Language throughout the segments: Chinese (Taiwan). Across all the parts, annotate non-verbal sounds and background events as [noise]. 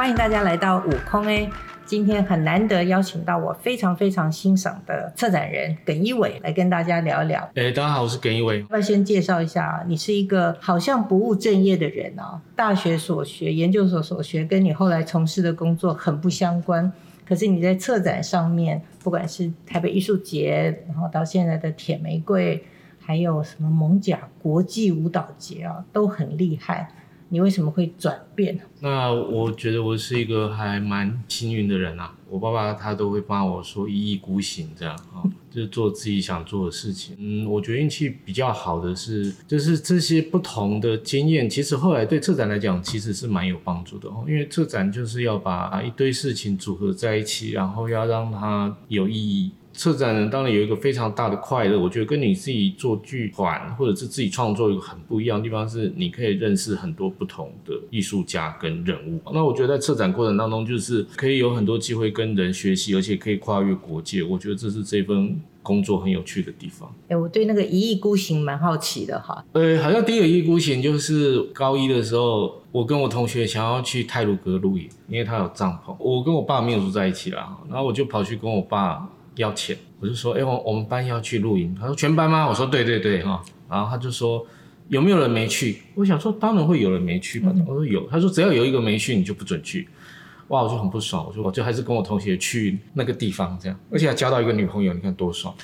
歡迎大家來到悟空 A。今天很難得邀請到我非常非常欣賞的策展人耿一偉來跟大家聊一聊。誒，大家好，我是耿一偉。我要先介紹一下啊，你是一個好像不務正業的人啊。大學所學、研究所所學跟你後來從事的工作很不相關，可是你在策展上面，不管是台北藝術節，然後到現在的鐵玫瑰，還有什麼蒙賈國際舞蹈節啊，都很厲害。你為什麼會轉變？那我覺得我是一個還蠻幸運的人啊。我爸爸他都會幫我說一意孤行這樣啊，就是做自己想做的事情。嗯，我覺得運氣比較好的是，就是這些不同的經驗，其實後來對策展來講其實是蠻有幫助的哦。因為策展就是要把一堆事情組合在一起，然後要讓它有意義。策展人當然有一個非常大的快樂，我覺得跟你自己做劇團或者是自己創作一個很不一樣的地方是，你可以認識很多不同的藝術家跟人物。那我覺得在策展過程當中，就是可以有很多機會跟人學習，而且可以跨越國界。我覺得這是這份工作很有趣的地方。哎、欸，我對那個一意孤行蠻好奇的哈。呃，好像第一個一意孤行就是高一的時候，我跟我同學想要去太魯閣露營，因為他有帳篷，我跟我爸沒有住在一起啦，然後我就跑去跟我爸。要錢，我就說，哎、欸，我我們班要去露營，他說，全班嗎？我說對對對哈、喔，然後他就說，有沒有人沒去？我想說當然會有人沒去吧，嗯、我說有，他說只要有一個沒去，你就不准去，哇，我就很不爽，我說我就還是跟我同學去那個地方這樣，而且還交到一個女朋友，你看多爽。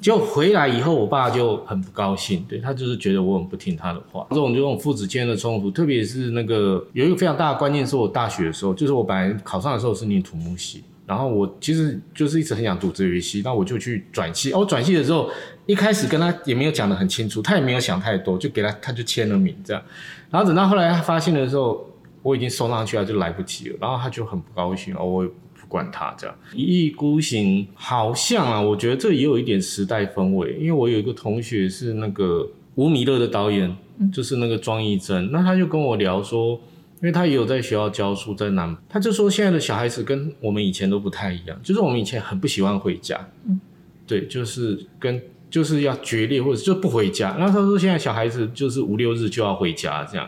結果 [laughs] 回來以後，我爸就很不高興，對他就是覺得我很不聽他的話，這種就這種父子間的衝突，特別是那個有一個非常大的關鍵是我大學的時候，就是我本來考上的時候是念土木系。然後我其實就是一直很想讀這個遊戲，那我就去轉系。哦、oh,，轉系的時候，一開始跟他也沒有講得很清楚，他也沒有想太多，就給他，他就簽了名這樣。然後等到後來他發現的時候，我已經送上去了，就來不及了。然後他就很不高興哦，oh, 我也不管他這樣一意孤行。好像啊，我覺得這也有一點時代氛圍，因為我有一個同學是那個無米樂的導演、嗯，就是那個莊益增，那他就跟我聊說。因為他也有在學校教書，在南，他就說現在的小孩子跟我們以前都不太一樣，就是我們以前很不喜歡回家，嗯，對，就是跟就是要決裂或者就不回家。那他說現在小孩子就是五六日就要回家，這樣，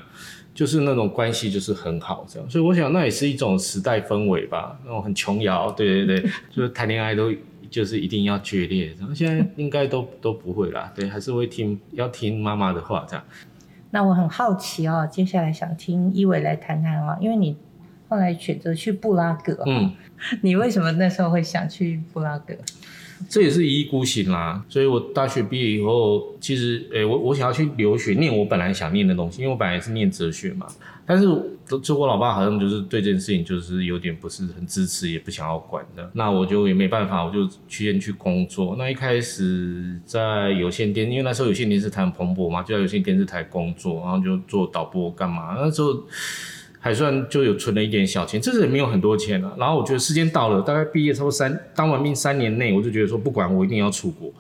就是那種關係就是很好，這樣。所以我想那也是一種時代氛圍吧，那種很瓊瑤，對對對，就是談戀愛都就是一定要決裂，然後現在應該都都不會啦，對，還是會聽要聽媽媽的話這樣。那我很好奇哦、喔，接下來想聽一偉來談談哦。因為你後來選擇去布拉格、喔，嗯，你為什麼那時候會想去布拉格？這也是一意孤行啦。所以我大學畢業以後，其實誒、欸，我我想要去留學，念我本來想念的東西，因為我本來是念哲學嘛。但是，就我老爸好像就是對這件事情就是有點不是很支持，也不想要管的。那我就也沒辦法，我就去先去工作。那一開始在有線電，因為那時候有線電視台很蓬勃嘛，就在有線電視台工作，然後就做導播幹嘛。那時候還算就有存了一點小錢，就是也沒有很多錢了啊。然後我覺得時間到了，大概畢業差不多三當完兵三年內，我就覺得說，不管我一定要出國，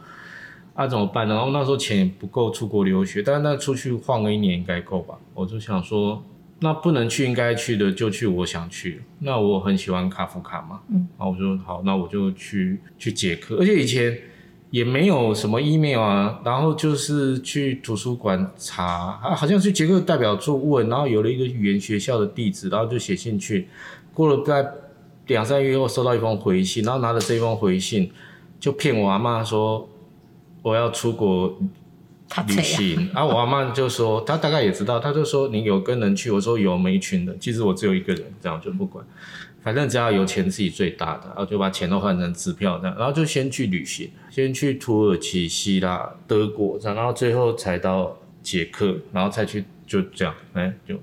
那啊怎麼辦呢？然後那時候錢也不夠出國留學，但是那出去晃個一年應該夠吧？我就想說。那不能去應該去的，就去我想去。那我很喜歡卡夫卡嘛，嗯，然後我就好，那我就去去捷克。而且以前也沒有什麼 email 啊，然後就是去圖書館查啊，好像去捷克代表處問，然後有了一個語言學校的地址，然後就寫信去。過了大概兩三月後，收到一封回信，然後拿着這一封回信，就騙我阿媽說我要出國。他旅行，然 [laughs] 後、啊、我阿媽就說，他大概也知道，他就說，你有跟人去，我說有沒群的，其實我只有一個人，這樣我就不管，反正只要有錢自己最大的，然後就把錢都換成支票這樣，然後就先去旅行，先去土耳其、希臘、德國這樣，然後最後才到捷克，然後再去就這樣，哎、欸，就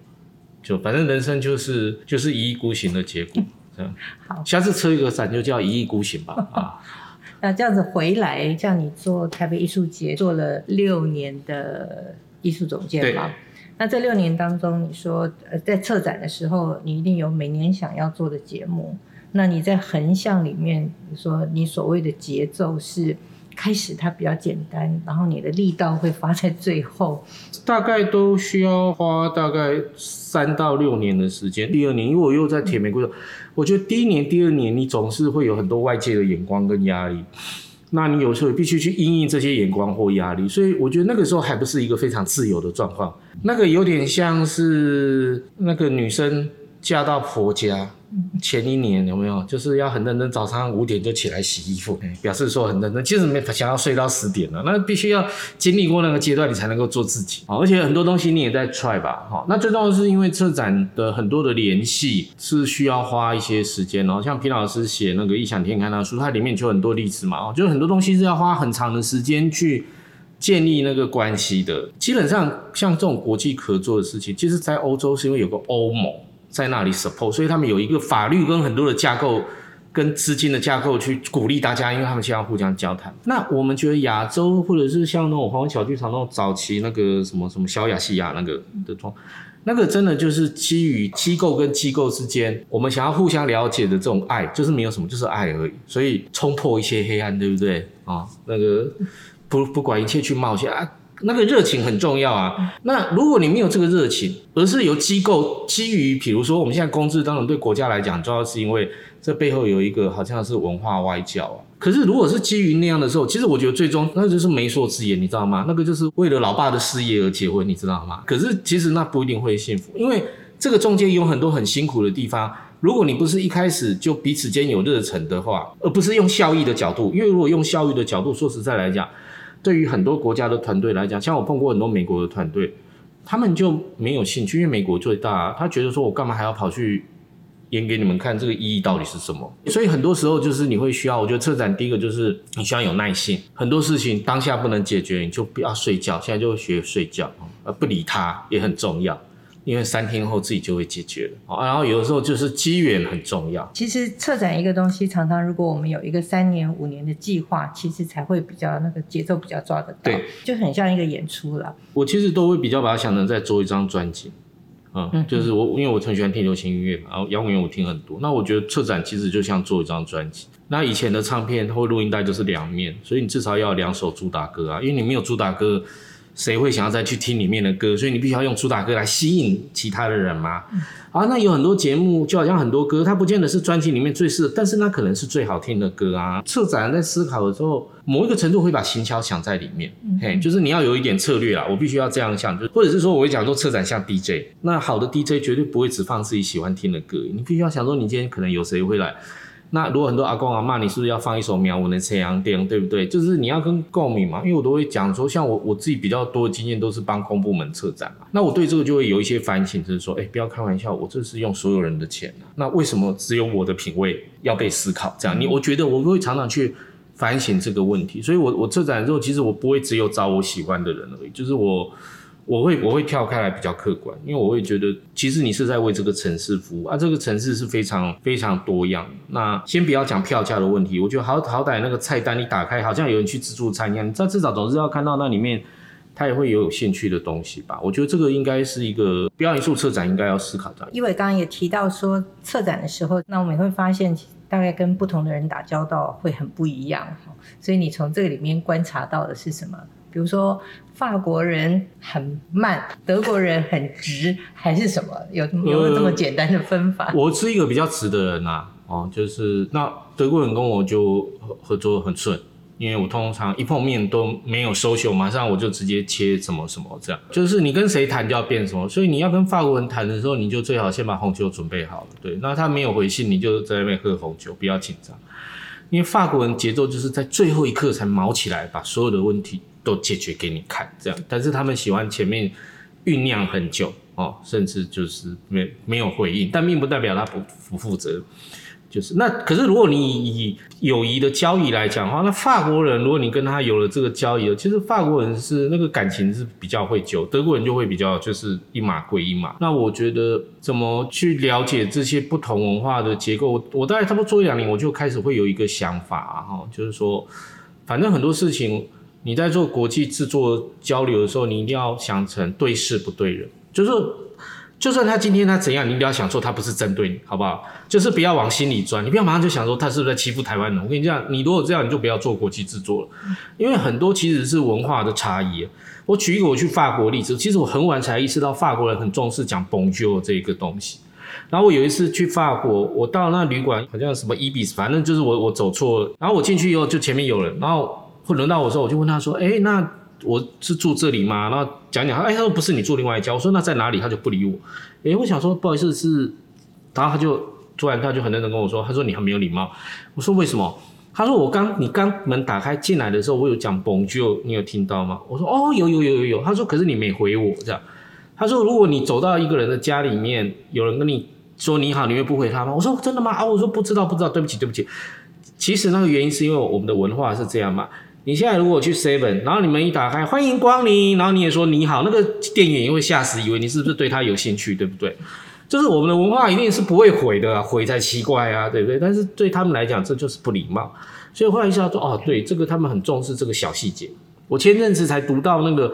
就反正人生就是就是一意孤行的結果，這樣， [laughs] 好，下次扯一個傘就叫一意孤行吧，啊。 [laughs] 那這樣子回來，像你做台北藝術節，做了六年的藝術總監嘛？那這六年當中，你說呃，在策展的時候，你一定有每年想要做的節目。那你在橫向裡面你說，你所謂的節奏是？開始它比較簡單，然後你的力道會發在最後。大概都需要花大概三到六年的時間。第二年，因為我又在鐵玫瑰說，我覺得第一年、第二年你總是會有很多外界的眼光跟壓力，那你有時候必須去因應這些眼光或壓力，所以我覺得那個時候還不是一個非常自由的狀況。那個有點像是那個女生嫁到婆家。前一年有沒有，就是要很認真，早上五點就起來洗衣服，欸，表示說很認真。其實沒想要睡到十點了，那必須要經歷過那個階段，你才能夠做自己。哦。而且很多東西你也在 try 吧，哈、哦。那最重要的是因為策展的很多的聯繫是需要花一些時間哦。然後像平老師寫那個異想天開那個、書，它裡面就有很多例子嘛，哦、就是很多東西是要花很長的時間去建立那個關係的。基本上像這種國際合作的事情，其實，在歐洲是因為有個歐盟，在那裡 support，所以他們有一個法律跟很多的架構跟資金的架構去鼓勵大家，因為他們需要互相交談。那我們覺得亞洲，或者是像那種黃小劇場那種早期那個什麼什麼小亞細亞那個的狀，那個真的就是基於機構跟機構之間，我們想要互相了解的這種愛，就是沒有什麼，就是愛而已。所以衝破一些黑暗，對不對啊、哦？那個不不管一切去冒險。啊那個熱情很重要啊。那如果你沒有這個熱情，而是由機構基於，比如說我們現在公資，當然對國家來講主要是因為這背後有一個好像是文化外交啊。可是如果是基於那樣的時候，其實我覺得最終那就是媒妁之言，你知道嗎？那個就是為了老爸的事業而結婚，你知道嗎？可是其實那不一定會幸福，因為這個中間有很多很辛苦的地方。如果你不是一開始就彼此間有熱忱的話，而不是用效益的角度，因為如果用效益的角度，說實在來講。對於很多國家的團隊來講，像我碰過很多美國的團隊，他們就沒有興趣，因為美國最大，他覺得說我幹嘛還要跑去演給你們看，這個意義到底是什麼？所以很多時候就是你會需要，我覺得策展第一個就是你需要有耐性，很多事情當下不能解決，你就不要睡覺，現在就學睡覺，而不理他也很重要。因為三天後自己就會解決了，啊，然後有的時候就是機緣很重要。其實策展一個東西，常常如果我們有一個三年五年的計劃，其實才會比較那個節奏比較抓得到。對，就很像一個演出了。我其實都會比較把它想成在做一張專輯，啊，嗯，嗯，就是我因為我很喜歡聽流行音樂，然後搖滾樂我聽很多，那我覺得策展其實就像做一張專輯。那以前的唱片或錄音帶就是兩面，所以你至少要兩首主打歌啊，因為你沒有主打歌。誰會想要再去聽裡面的歌？所以你必須要用主打歌來吸引其他的人嘛。嗯、啊，那有很多節目就好像很多歌，它不見得是專輯裡面最適合，但是那可能是最好聽的歌啊。策展人在思考的時候，某一個程度會把行銷想在裡面。嗯。嘿，就是你要有一點策略啊，我必須要這樣想就，或者是說我會講說策展像 DJ，那好的 DJ 絕對不會只放自己喜歡聽的歌，你必須要想說你今天可能有誰會來。那如果很多阿公阿媽，你是不是要放一首苗文的《太陽蝶》，對不對？就是你要跟共鳴嘛。因為我都會講說，像我我自己比較多的經驗，都是幫公部門策展嘛。那我對這個就會有一些反省，就是說，哎、欸，不要開玩笑，我這是用所有人的錢、啊、那為什麼只有我的品味要被思考？這樣、okay. 你，我覺得我會常常去反省這個問題。所以我，我我策展之後，其實我不會只有找我喜歡的人而已，就是我。我會我會跳開來比較客觀，因為我會覺得其實你是在為這個城市服務啊，這個城市是非常非常多樣的。那先不要講票價的問題，我覺得好好歹那個菜單你打開，好像有人去自助餐一樣，你在至少總是要看到那裡面，他也會有有興趣的東西吧？我覺得這個應該是一個標營數策展應該要思考的。因為剛剛也提到說，策展的時候，那我們也會發現大概跟不同的人打交道會很不一樣，所以你從這裡面觀察到的是什麼？比如說，法國人很慢，德國人很直，還是什麼？有有沒有這麼簡單的分法？呃，我是一個比較直的人啊，哦，就是那德國人跟我就合作很順，因為我通常一碰面都沒有 social，馬上我就直接切什麼什麼這樣。就是你跟誰談就要變什麼，所以你要跟法國人談的時候，你就最好先把紅酒準備好了，對，那他沒有回信，你就在外面喝紅酒，不要緊張，因為法國人節奏就是在最後一刻才卯起來，把所有的問題。都解決給你看，這樣，但是他們喜歡前面醞釀很久哦，甚至就是沒沒有回應，但並不代表他不不負責，就是那。可是如果你以友誼的交易來講的話，那法國人如果你跟他有了這個交易，其實法國人是那個感情是比較會久，德國人就會比較就是一碼歸一碼。那我覺得怎麼去了解這些不同文化的結構？我，我大概差不多做一兩年，我就開始會有一個想法哈、哦，就是說，反正很多事情。你在做國際制作交流的時候，你一定要想成對事不對人，就是就算他今天他怎樣，你一定要想說他不是針對你，好不好？就是不要往心裡鑽，你不要馬上就想說他是不是在欺負台灣人。我跟你講，你如果這樣，你就不要做國際制作了，因為很多其實是文化的差異。我舉一個我去法國例子，其實我很晚才意識到法國人很重視講 Bonjour 這個東西。然後我有一次去法國，我到那旅館好像什麼 Ibis，反正就是我我走錯了，然後我進去以後就前面有人，然後。會輪到我說，我就問他說：“哎、欸，那我是住這裡嗎？”然後講講他，哎、欸，他說不是，你住另外一家。我說那在哪裡？他就不理我。哎、欸，我想說不好意思，是。然後他就突然他就很認真跟我說：“他說你很沒有禮貌。”我說為什麼？他說我剛你剛門打開進來的時候，我有講 Bonjour，你有聽到嗎？我說哦，有有有有有。他說可是你沒回我這樣。他說如果你走到一個人的家裡面，有人跟你說你好，你會不回他嗎？我說真的嗎？啊，我說不知道不知道，對不起對不起。其實那個原因是因為我們的文化是這樣嘛。你現在如果去 Seven，然後你們一打開，歡迎光臨，然後你也說你好，那個店員也會嚇死，以為你是不是對他有興趣，對不對？就是我們的文化一定是不會毀的啊，毀才奇怪啊，對不對？但是對他們來講，這就是不禮貌，所以換一下說，哦，對，這個他們很重視這個小細節。我前陣子才讀到那個。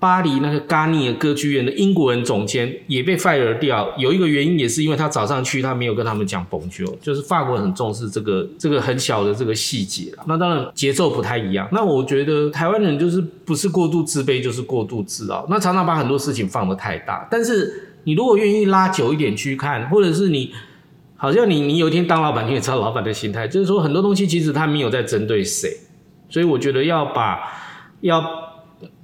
巴黎那個卡尼的歌劇院的英國人總監也被 fire 掉，有一個原因也是因為他早上去他沒有跟他們講崩。o 就是法國人很重視這個這個很小的這個細節，那當然節奏不太一樣。那我覺得台灣人就是不是過度自卑就是過度自傲，那常常把很多事情放得太大。但是你如果願意拉久一點去看，或者是你好像你你有一天當老闆，你也知道老闆的心態，就是說很多東西其實他沒有在針對誰，所以我覺得要把要。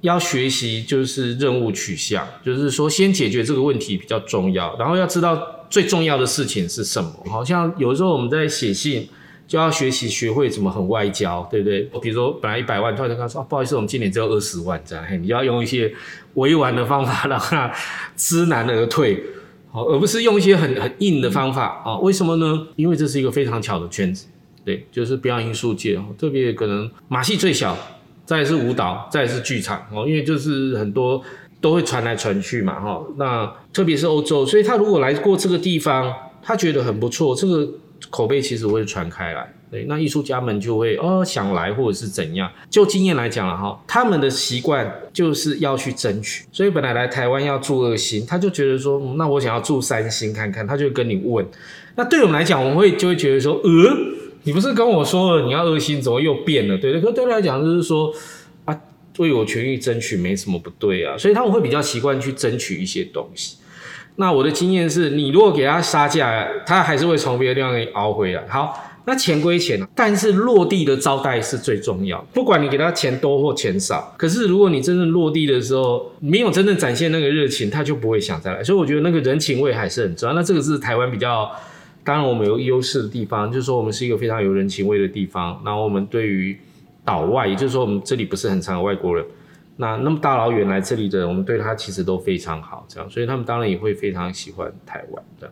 要學習就是任務取向，就是說先解決這個問題比較重要，然後要知道最重要的事情是什麼。好像有時候我們在寫信，就要學習學會怎麼很外交，對不對？比如說本來一百萬，突然間說、啊、不好意思，我們今年只有二十萬這樣，嘿，你要用一些委婉的方法讓他知難而退，好、喔，而不是用一些很很硬的方法啊、嗯喔？為什麼呢？因為這是一個非常巧的圈子，對，就是表演藝術界，喔、特別可能馬戲最小。再是舞蹈，再是劇場，哦，因為就是很多都會傳來傳去嘛，哈，那特別是歐洲，所以他如果來過這個地方，他覺得很不錯，這個口碑其實會傳開來，對，那藝術家們就會哦想來或者是怎樣，就經驗來講了哈，他們的習慣就是要去爭取，所以本來來台灣要住二星，他就覺得說，那我想要住三星看看，他就跟你問，那對我們來講，我們會就會覺得說，呃。你不是跟我說了你要惡心，怎麼又變了？對對，可對他來講就是說，啊，為我權益爭取沒什麼不對啊，所以他們會比較習慣去爭取一些東西。那我的經驗是你如果給他殺價，他還是會從別的地方給你熬回來。好，那錢歸錢啊，但是落地的招待是最重要。不管你給他錢多或錢少，可是如果你真正落地的時候沒有真正展現那個熱情，他就不會想再來。所以我覺得那個人情味還是很重要。那這個是台灣比較。當然，我們有優勢的地方，就是說我們是一個非常有人情味的地方。然後我們對於島外，也就是說我們這裡不是很常有外國人，那那麼大老遠來這裡的人，我們對他其實都非常好，這樣，所以他們當然也會非常喜歡台灣，這樣，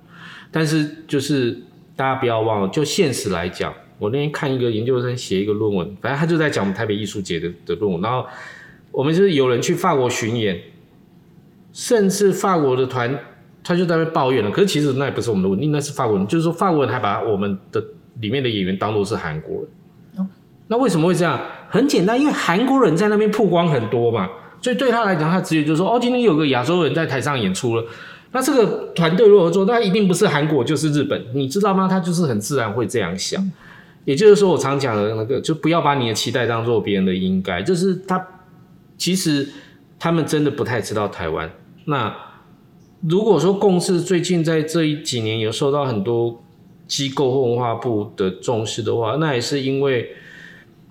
但是就是大家不要忘了，就現實來講，我那天看一個研究生寫一個論文，反正他就在講我們台北藝術節的的論文，然後我們就是有人去法國巡演，甚至法國的團。他就在那邊抱怨了，可是其實那也不是我們的問題，那是法國人。就是說，法國人還把我們的裡面的演員當做是韓國人哦。那為什麼會這樣？很簡單，因為韓國人在那邊曝光很多嘛，所以對他來講，他直接就說，哦，今天有個亞洲人在台上演出了，那這個團隊如何做？那一定不是韓國，就是日本，你知道嗎？他就是很自然會這樣想。嗯、也就是說，我常講的那個，就不要把你的期待當做別人的應該。就是他其實他們真的不太知道台灣。那。如果說共事，最近在這一幾年有受到很多機構或文化部的重視的話，那也是因為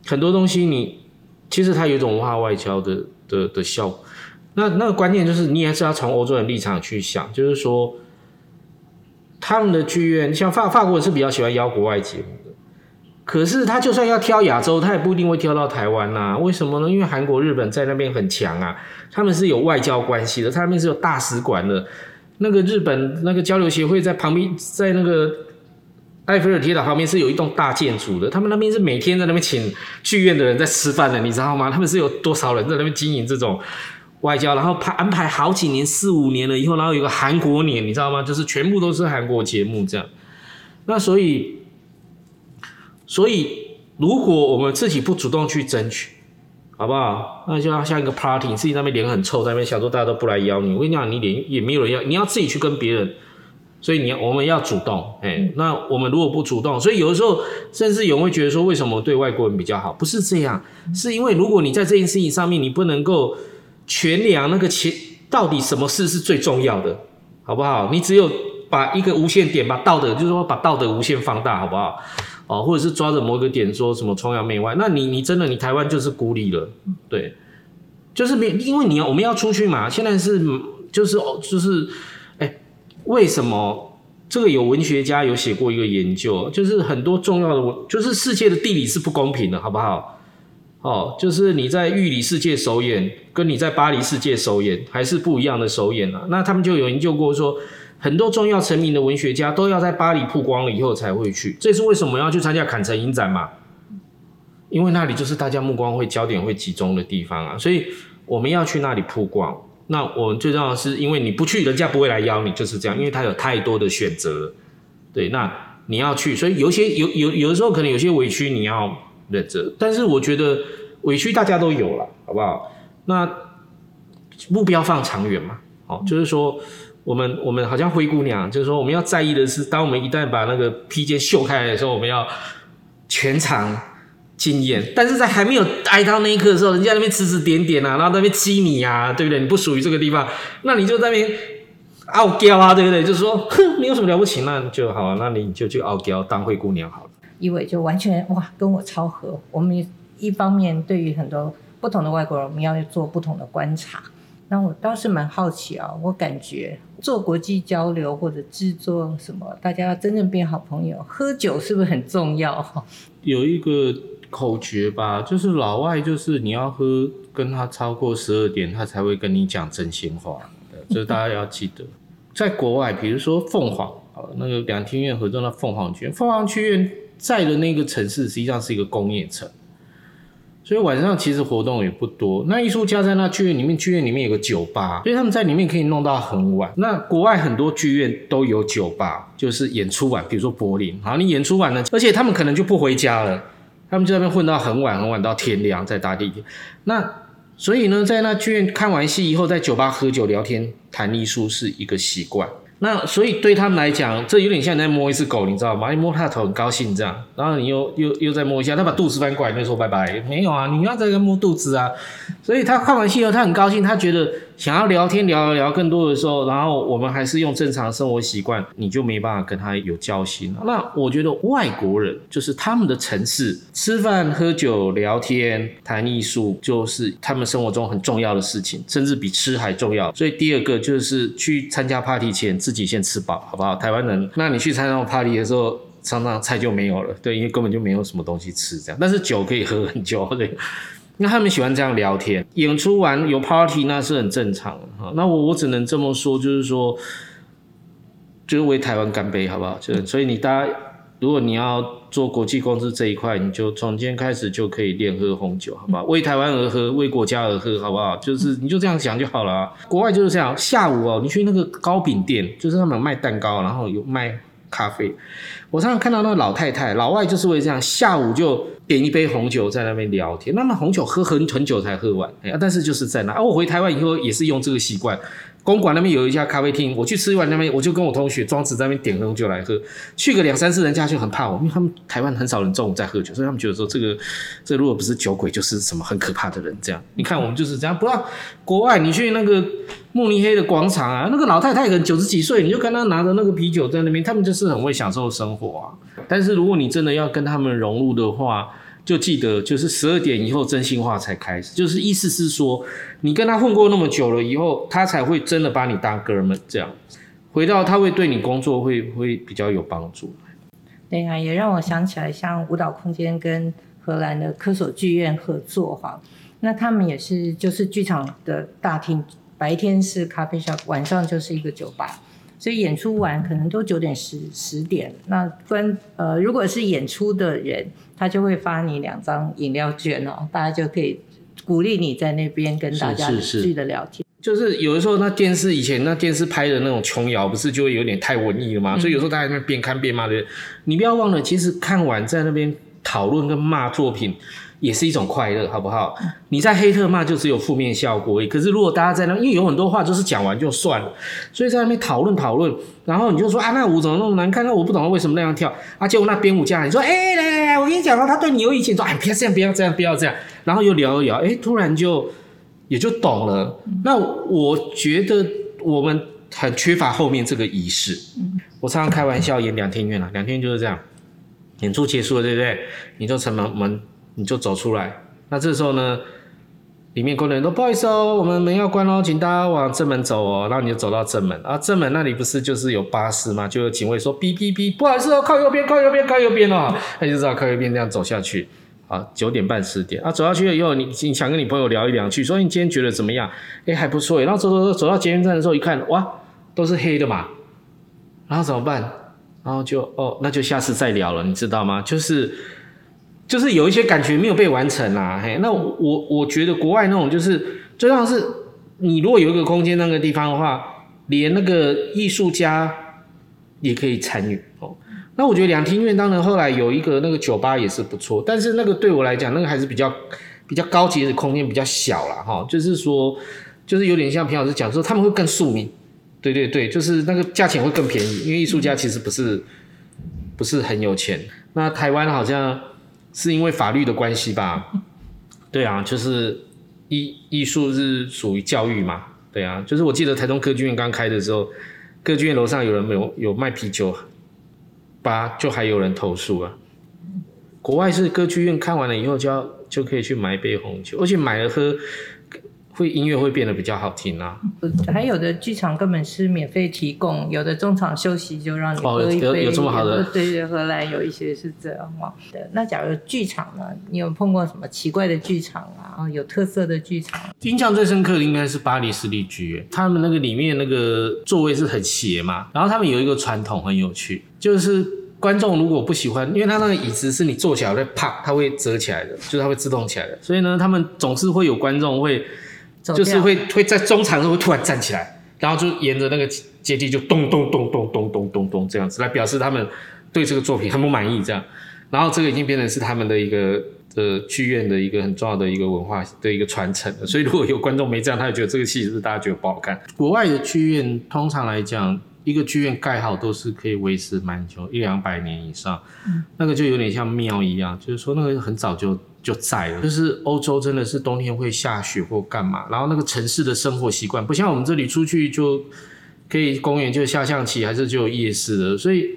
很多東西你其實它有一種文化外交的的的效果。那那個關鍵就是你還是要從歐洲人立場去想，就是說他們的劇院像法法國人是比較喜歡邀國外節目。可是他就算要挑亞洲，他也不一定會挑到台灣吶、啊？為什麼呢？因為韓國、日本在那邊很強啊，他們是有外交關係的，他們那邊是有大使館的。那個日本那個交流協會在旁邊，在那個埃菲爾鐵塔旁邊是有一棟大建築的，他們那邊是每天在那邊請劇院的人在吃飯的，你知道嗎？他們是有多少人在那邊經營這種外交，然後排安排好幾年、四五年了以後，然後有個韓國年，你知道嗎？就是全部都是韓國節目這樣。那所以。所以，如果我們自己不主動去爭取，好不好？那就像像一個 party，自己那邊臉很臭，在那邊想說大家都不來邀你。我跟你講，你臉也沒有人要，你要自己去跟別人。所以你，你要我們要主動，哎、欸，那我們如果不主動，所以有的時候甚至有人會覺得說，為什麼對外國人比較好？不是這樣，是因為如果你在這件事情上面，你不能夠權量那個錢，到底什麼事是最重要的，好不好？你只有把一個無限點，把道德，就是說把道德無限放大，好不好？哦，或者是抓着某個點說什麼崇洋媚外，那你你真的你台灣就是孤立了，對，就是沒因為你要我們要出去嘛，現在是就是哦就是，哎、哦就是欸，為什麼這個有文學家有寫過一個研究，就是很多重要的文，就是世界的地理是不公平的，好不好？哦，就是你在玉里世界首演，跟你在巴黎世界首演還是不一樣的首演啊，那他們就有研究過說。很多重要成名的文學家都要在巴黎曝光了以後才會去，這是為什麼要去參加坎城影展嘛？因為那裡就是大家目光會焦點會集中的地方啊，所以我們要去那裡曝光。那我們最重要的是因為你不去，人家不會來邀你，就是這樣。因為他有太多的選擇，對，那你要去。所以有些有有有的時候可能有些委屈你要忍着，但是我覺得委屈大家都有了，好不好？那目標放長遠嘛，好、喔嗯，就是說。我們我們好像灰姑娘，就是說我們要在意的是，當我們一旦把那個披肩秀開來的時候，我們要全場驚豔。但是在還沒有挨到那一刻的時候，人家在那邊指指點點啊，然後在那邊激你啊，對不對？你不屬於這個地方，那你就在那邊傲嬌啊，對不對？就是說，哼，你有什麼了不起？那就好，那你就去傲嬌，當灰姑娘好了。一偉就完全哇，跟我超合。我們一方面對於很多不同的外國人，我們要做不同的觀察。那我倒是蠻好奇啊，哦，我感覺。做國際交流或者制作什麼，大家要真正變好朋友，喝酒是不是很重要？有一個口訣吧，就是老外就是你要喝跟他超過十二點，他才會跟你講真心話。就是大家要記得、嗯，在國外，比如說鳳凰好那個兩廳院合作的鳳凰劇院，鳳凰劇院在的那個城市，實際上是一個工業城。所以晚上其實活動也不多。那藝術家在那劇院裡面，劇院裡面有個酒吧，所以他們在裡面可以弄到很晚。那國外很多劇院都有酒吧，就是演出晚，比如說柏林。好，你演出晚了，而且他們可能就不回家了，他們在那邊混到很晚，很晚到天亮再搭地鐵。那所以呢，在那劇院看完戲以後，在酒吧喝酒聊天談藝術是一個習慣。那所以對他們來講，這有點像你在摸一隻狗，你知道嗎？你摸它的頭很高興這樣，然後你又又又再摸一下，它把肚子翻過來，你說拜拜，沒有啊，你要再摸肚子啊，所以他看完戲後，他很高興，他覺得。想要聊天聊一聊更多的時候，然後我們還是用正常生活習慣，你就沒辦法跟他有交心了。那我覺得外國人就是他們的城市，吃飯、喝酒、聊天、談藝術，就是他們生活中很重要的事情，甚至比吃還重要。所以第二個就是去參加 party 前，自己先吃飽，好不好？台灣人，那你去參加 party 的時候，常常菜就沒有了，對，因為根本就沒有什麼東西吃，這樣。但是酒可以喝很久，對。那他們喜歡這樣聊天，演出完有 party 那是很正常啊。那我我只能這麼說，就是說，就是為台灣乾杯，好不好？就所以你大家，如果你要做國際公司這一塊，你就從今天開始就可以練喝紅酒，好不好？為台灣而喝，為國家而喝，好不好？就是你就這樣想就好了。嗯。國外就是這樣，下午哦、喔，你去那個糕餅店，就是他們有賣蛋糕，然後有賣。咖啡，我常常看到那個老太太、老外，就是會這樣，下午就點一杯紅酒在那邊聊天。那麼紅酒喝很很久才喝完，欸，啊，但是就是在那。啊，我回台灣以後也是用這個習慣。公館那邊有一家咖啡廳，我去吃完那邊，我就跟我同學裝死在那邊點紅酒來喝。去個兩三次，人家就很怕我，因為他們台灣很少人中午在喝酒，所以他們覺得說這個，這個，如果不是酒鬼，就是什麼很可怕的人。這樣，你看我們就是這樣。不要國外，你去那個慕尼黑的廣場啊，那個老太太可能九十幾歲，你就跟她拿着那個啤酒在那邊，他們就是很會享受生活啊。但是如果你真的要跟他們融入的話，就記得，就是十二點以後真心話才開始，就是意思是說，你跟他混過那麼久了以後，他才會真的把你當哥們這樣。回到他會對你工作會會比較有幫助。對呀，也讓我想起來，像舞蹈空間跟荷蘭的科索劇院合作哈，那他們也是就是劇場的大廳，白天是咖啡 shop，晚上就是一個酒吧。所以演出完可能都九點十十點，那分呃如果是演出的人，他就會發你兩張飲料券哦、喔，大家就可以鼓勵你在那邊跟大家繼續的聊天是是是。就是有的時候那電視以前那電視拍的那種瓊瑤，不是就會有點太文藝了嘛、嗯？所以有時候大家在那邊邊看邊罵的人，你不要忘了，其實看完在那邊討論跟罵作品，也是一種快樂，好不好？你在黑特罵就只有負面效果。可是如果大家在那，因為有很多話就是講完就算了，所以在那邊討論討論，然後你就說：“啊，那舞怎麼那麼難看？那我不懂為什麼那樣跳。啊”而且我那編舞家，你說：“哎、欸，來來來，我跟你講了，他對你有意見，說：哎、欸，不要這樣，不要這樣，不要這樣。”然後又聊一聊，哎、欸，突然就也就懂了。那我覺得我們很缺乏後面這個儀式。我常常開玩笑演兩天院了，兩天院就是這樣，演出結束了，對不對？你就成了我們你就走出來，那這時候呢，裡面工人都不好意思喔，我們門要關喔，請大家往正門走喔。然後你就走到正門，啊，正門那裡不是就是有巴士嗎？就有警衛說，嗶嗶嗶，不好意思喔，靠右邊，靠右邊，靠右邊喔，你就知道， [laughs] 啊，靠右邊這樣走下去。啊，九點半十點，啊，走下去了以後，你你想跟你朋友聊一聊去，去說你今天覺得怎麼樣？欸，還不錯。然後走走走，走到捷運站的時候，一看，哇，都是黑的嘛。然後怎麼辦？然後就，哦，那就下次再聊了，你知道嗎？就是。就是有一些感覺沒有被完成啊，嘿，那我我覺得國外那種就是，就像是你如果有一個空間那個地方的話，連那個藝術家也可以參與哦。那我覺得兩廳院當然後來有一個那個酒吧也是不錯，但是那個對我來講那個還是比較比較高級的空間比較小了哈，就是說就是有點像平老師講說他們會更庶民，對對對，就是那個價錢會更便宜，因為藝術家其實不是不是很有錢。那台灣好像。是因為法律的關係吧，對啊，就是藝藝術是屬於教育嘛，對啊，就是我記得台中歌劇院剛開的時候，歌劇院樓上有人有有賣啤酒吧，吧就還有人投訴啊，國外是歌劇院看完了以後就要就可以去買一杯紅酒，而且買了喝。會音樂會變得比較好聽啦，啊。還有的劇場根本是免費提供，有的中場休息就讓你喝一杯，哦，有，有這麼好的？對對對，荷蘭有一些是這樣嘛的。那假如劇場呢？你有碰過什麼奇怪的劇場啊？哦，有特色的劇場？印象最深刻的應該是巴黎市立劇院，他們那個裡面那個座位是很斜嘛。然後他們有一個傳統很有趣，就是觀眾如果不喜歡，因為他那個椅子是你坐起來會啪，它會折起來的，就是它會自動起來的。所以呢，他們總是會有觀眾會。就是會會在中場的時候會突然站起來，然後就沿着那個階梯就咚咚咚咚咚咚咚咚咚咚咚這樣子來表示他們對這個作品很不滿意。這樣，然後這個已經變成是他們的一個呃劇院的一個很重要的一個文化的一個傳承了。所以如果有觀眾沒這樣，他就覺得這個戲是不是大家覺得不好看？國外的劇院通常來講，一個劇院蓋好都是可以維持蠻久，一兩百年以上。嗯，那個就有點像廟一樣，就是說那個很早就。就在了，就是歐洲真的是冬天會下雪或幹嘛，然後那個城市的生活習慣不像我們這裡出去就可以公園就下象棋，還是就有夜市的，所以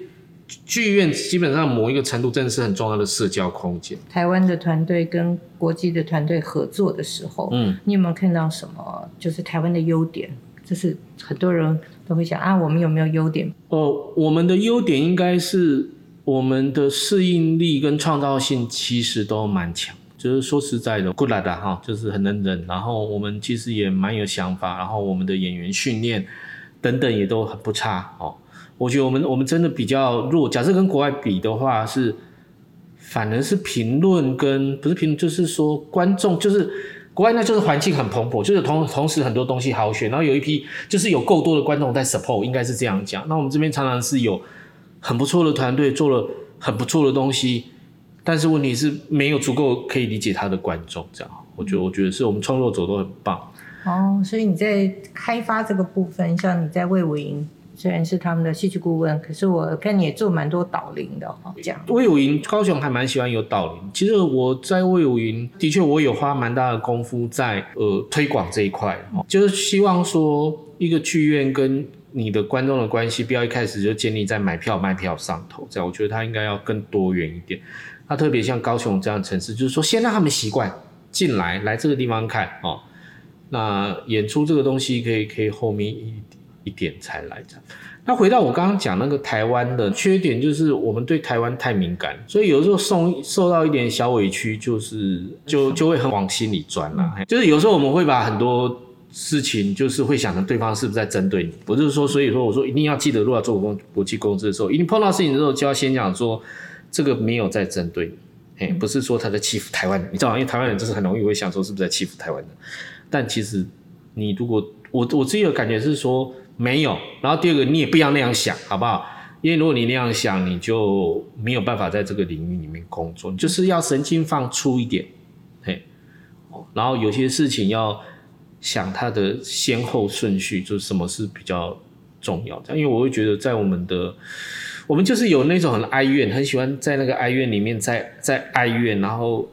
劇院基本上某一個程度真的是很重要的社交空間。台灣的團隊跟國際的團隊合作的時候，嗯，你有沒有看到什麼？就是台灣的優點，就是很多人都會想啊，我們有沒有優點？哦，我們的優點應該是我們的適應力跟創造性其實都蠻強。就是說實在的，Good luck 啊，就是很能忍，然後我們其實也蠻有想法，然後我們的演員訓練等等也都很不差哦。我覺得我們我們真的比較弱，假設跟國外比的話是，是反而是評論跟不是評論，就是說觀眾，就是國外那就是環境很蓬勃，就是同同時很多東西好選，然後有一批就是有夠多的觀眾在 support，應該是這樣講。那我們這邊常常是有很不錯的團隊做了很不錯的東西。但是問題是沒有足夠可以理解他的觀眾，這樣，我覺得，我覺得是我們創作者都很棒哦。所以你在開發這個部分，像你在衛武營，雖然是他們的戲劇顧問，可是我看你也做蠻多導聆的哈、哦。這樣衛武營，高雄還蠻喜歡有導聆。其實我在衛武營，的確我有花蠻大的功夫在呃推廣這一塊、嗯，就是希望說一個劇院跟你的觀眾的關係，不要一開始就建立在買票賣票上頭。這樣，我覺得他應該要更多元一點。它、啊、特別像高雄這樣的城市，就是說先讓他們習慣進來，來這個地方看哦。那演出這個東西可，可以可以後面一點一點才來着。那回到我剛剛講那個台灣的缺點，就是我們對台灣太敏感，所以有時候受受到一點小委屈、就是，就是就就會很往心裡鑽了、啊。就是有時候我們會把很多事情，就是會想着對方是不是在針對你。不是說，所以說我說一定要記得，如果做公國際工作的時候，一定碰到事情的時候，就要先講說。這個沒有在針對你，不是說他在欺負台灣人，你知道嗎？因為台灣人就是很容易會想說是不是在欺負台灣人，但其實你如果我我自己的感覺是說沒有。然後第二個你也不要那樣想，好不好？因為如果你那樣想，你就沒有辦法在這個領域裡面工作，就是要神經放粗一點，然後有些事情要想它的先後順序，就是什麼是比較重要的。因為我會覺得在我們的。我們就是有那種很哀怨，很喜歡在那個哀怨裡面在，在在哀怨，然後，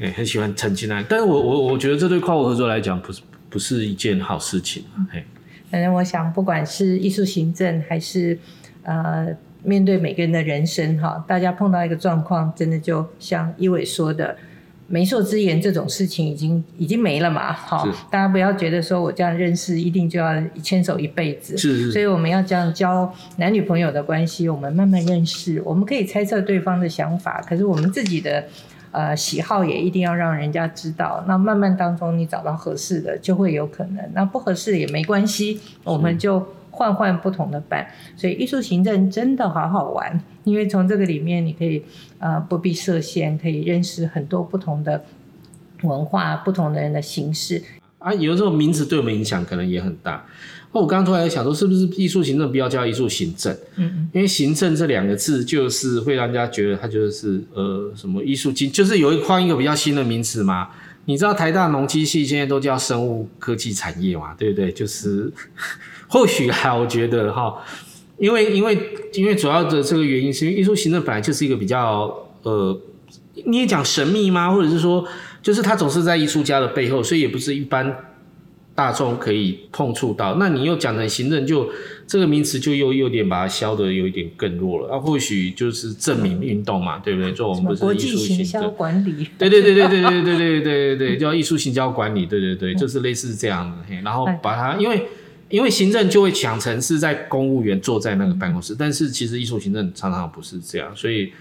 哎、欸，很喜歡沉浸在。但是我我我覺得這對跨國合作來講，不是不是一件好事情，哎、欸。反正，嗯，嗯，我想，不管是藝術行政，還是呃，面對每個人的人生，哈，大家碰到一個狀況，真的就像一偉說的。媒妁之言這種事情已經已經沒了嘛，好，大家不要覺得說，我這樣認識一定就要牽手一輩子。是是，所以我們要這樣交男女朋友的關係，我們慢慢認識，我們可以猜測對方的想法，可是我們自己的呃喜好也一定要讓人家知道。那慢慢當中你找到合適的就會有可能，那不合適也沒關係，我們就是。換換不同的班，所以藝術行政真的好好玩，因為從這個裡面你可以、呃、不必設限，可以認識很多不同的文化、不同的人的形式啊。有時候名詞對我們影響可能也很大。我剛剛突然想，說是不是藝術行政不要叫藝術行政？嗯，嗯，因為行政這兩個字就是會讓人家覺得它就是呃什麼藝術金，就是有一換一個比較新的名詞嘛。你知道台大農機系現在都叫生物科技產業嘛，對不對？就是、嗯。或許哈、啊，我覺得哈，因為因為因為主要的這個原因，是因為藝術行政本來就是一個比較呃，你也講神秘嗎？或者是說，就是它總是在藝術家的背後，所以也不是一般大眾可以碰觸到。那你又講成行政就，就這個名詞就又，又有點把它削得有一點更弱了。那、啊、或許就是正名運動嘛、嗯，對不對？就我們不是藝術行銷管理？對對對對對對對對對對對， [laughs] 叫藝術行銷管理？對對，對對對，就是類似這樣的。嗯、嘿然後把它、哎、因為。因為行政就會想成是在公務員坐在那個辦公室，但是其實藝術行政常常不是這樣，所以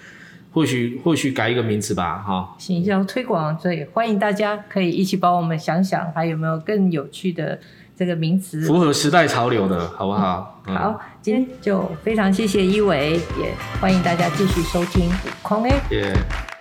或許或許改一個名詞吧，哈、哦。形象推廣，所以歡迎大家可以一起幫我們想想，還有沒有更有趣的這個名詞，符合時代潮流的，好不好？嗯嗯、好，今天就非常謝謝一偉、嗯，也歡迎大家繼續收聽《悟空》A 誒。